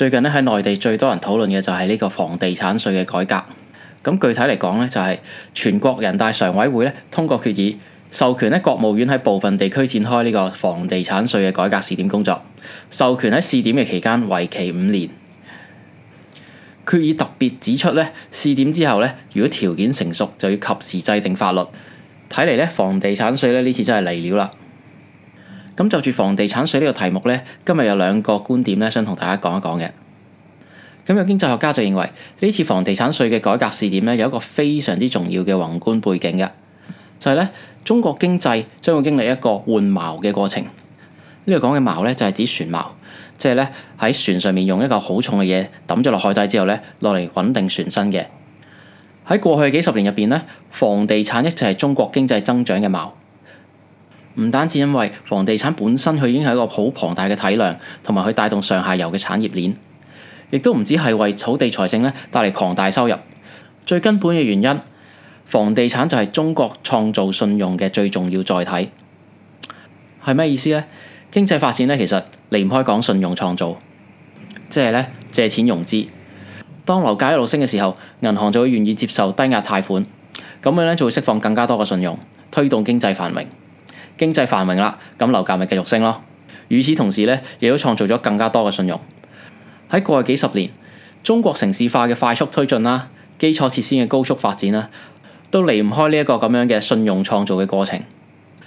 最近咧喺內地最多人討論嘅就係呢個房地產稅嘅改革。咁具體嚟講咧，就係全國人大常委會咧通過決議，授權咧國務院喺部分地區展開呢個房地產稅嘅改革試點工作。授權喺試點嘅期間，為期五年。決議特別指出咧，試點之後咧，如果條件成熟，就要及時制定法律。睇嚟咧，房地產稅咧呢次真係嚟了啦。咁就住房地產稅呢個題目呢，今日有兩個觀點呢，想同大家講一講嘅。咁有經濟學家就認為，呢次房地產稅嘅改革試點呢，有一個非常之重要嘅宏觀背景嘅，就係呢中國經濟將會經歷一個換錨嘅過程。呢度講嘅錨呢，就係指船錨，即係呢喺船上面用一個好重嘅嘢揼咗落海底之後呢，落嚟穩定船身嘅。喺過去幾十年入邊呢，房地產一直係中國經濟增長嘅錨。唔單止因為房地產本身，佢已經係一個好龐大嘅體量，同埋佢帶動上下游嘅產業鏈，亦都唔止係為土地財政咧帶嚟龐大收入。最根本嘅原因，房地產就係中國創造信用嘅最重要載體。係咩意思呢？經濟發展咧，其實離唔開講信用創造，即係咧借錢融資。當樓價一路升嘅時候，銀行就會願意接受抵押貸款，咁樣咧就會釋放更加多嘅信用，推動經濟繁榮。經濟繁榮啦，咁樓價咪繼續升咯。與此同時咧，亦都創造咗更加多嘅信用。喺過去幾十年，中國城市化嘅快速推進啦，基礎設施嘅高速發展啦，都離唔開呢一個咁樣嘅信用創造嘅過程。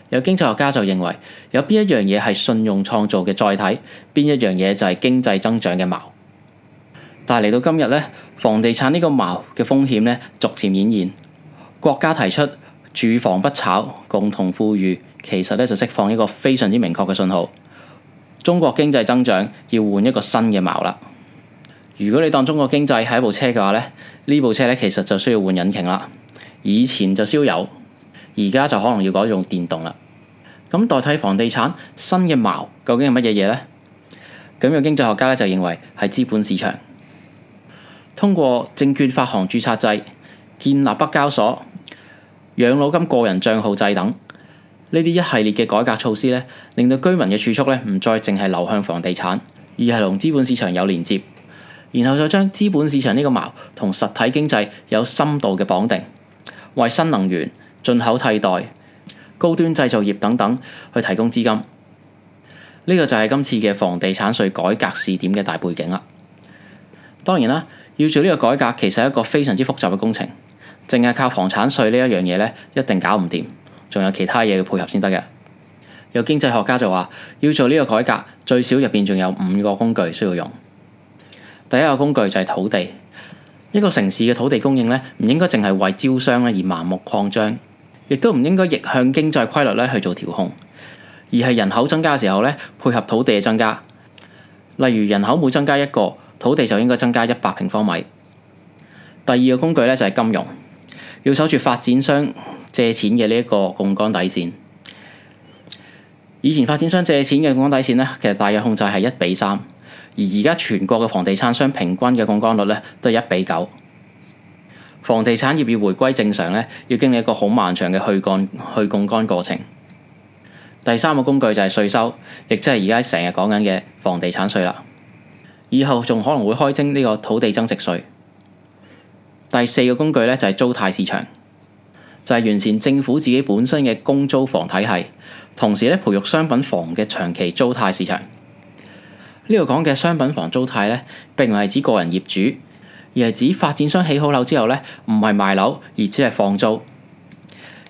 有經濟學家就認為，有邊一樣嘢係信用創造嘅載體，邊一樣嘢就係經濟增長嘅矛。但係嚟到今日咧，房地產呢個矛嘅風險咧逐漸顯現，國家提出住房不炒，共同富裕。其實咧就釋放一個非常之明確嘅信號，中國經濟增長要換一個新嘅矛啦。如果你當中國經濟係一部車嘅話咧，呢部車咧其實就需要換引擎啦。以前就燒油，而家就可能要改用電動啦。咁代替房地產新嘅矛究竟係乜嘢嘢呢？咁樣經濟學家咧就認為係資本市場，通過證券發行註冊制、建立北交所、養老金個人賬號制等。呢啲一系列嘅改革措施咧，令到居民嘅儲蓄咧唔再淨係流向房地產，而係同資本市場有連接，然後再將資本市場呢個錨同實體經濟有深度嘅綁定，為新能源、進口替代、高端製造業等等去提供資金。呢個就係今次嘅房地產稅改革試點嘅大背景啦。當然啦，要做呢個改革其實，係一個非常之複雜嘅工程，淨係靠房產稅呢一樣嘢咧，一定搞唔掂。仲有其他嘢要配合先得嘅。有經濟學家就話，要做呢個改革，最少入邊仲有五個工具需要用。第一個工具就係土地，一個城市嘅土地供應咧，唔應該淨係為招商咧而盲目擴張，亦都唔應該逆向經濟規律咧去做調控，而係人口增加嘅時候咧配合土地嘅增加。例如人口每增加一個，土地就應該增加一百平方米。第二個工具咧就係金融，要守住發展商。借錢嘅呢一個槓桿底線，以前發展商借錢嘅槓桿底線呢，其實大約控制係一比三，而而家全國嘅房地產商平均嘅槓桿率呢，都係一比九。房地產業要回歸正常呢，要經歷一個好漫長嘅去槓去槓桿過程。第三個工具就係稅收，亦即係而家成日講緊嘅房地產稅啦。以後仲可能會開徵呢個土地增值稅。第四個工具呢，就係、是、租貸市場。就係完善政府自己本身嘅公租房體系，同時咧培育商品房嘅長期租貸市場。呢度講嘅商品房租貸咧，並唔係指個人業主，而係指發展商起好樓之後咧，唔係賣樓，而只係放租。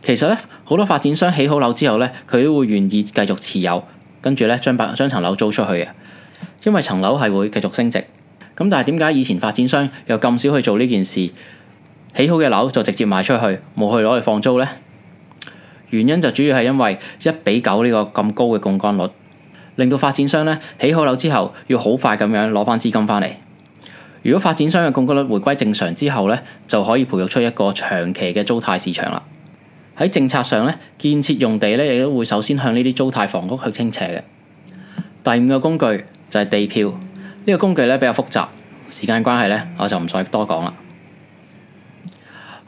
其實咧，好多發展商起好樓之後咧，佢都會願意繼續持有，跟住咧將把將層樓租出去嘅，因為層樓係會繼續升值。咁但係點解以前發展商又咁少去做呢件事？起好嘅樓就直接賣出去，冇去攞嚟放租呢。原因就主要係因為一比九呢個咁高嘅槓桿率，令到發展商咧起好樓之後要好快咁樣攞返資金返嚟。如果發展商嘅槓桿率回歸正常之後咧，就可以培育出一個長期嘅租貸市場啦。喺政策上咧，建設用地咧亦都會首先向呢啲租貸房屋去傾斜嘅。第五個工具就係地票，呢個工具咧比較複雜，時間關係咧我就唔再多講啦。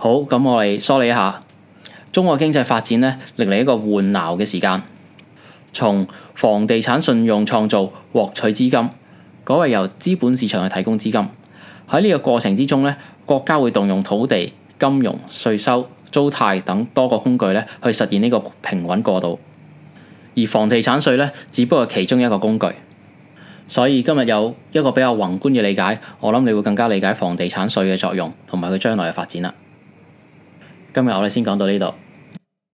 好咁，我嚟梳理一下。中國經濟發展咧，令嚟一個緩鬧嘅時間。從房地產信用創造獲取資金，改為由資本市場去提供資金。喺呢個過程之中咧，國家會動用土地、金融、稅收、租貸等多個工具咧，去實現呢個平穩過渡。而房地產稅咧，只不過係其中一個工具。所以今日有一個比較宏觀嘅理解，我諗你會更加理解房地產稅嘅作用同埋佢將來嘅發展啦。今日我哋先講到呢度。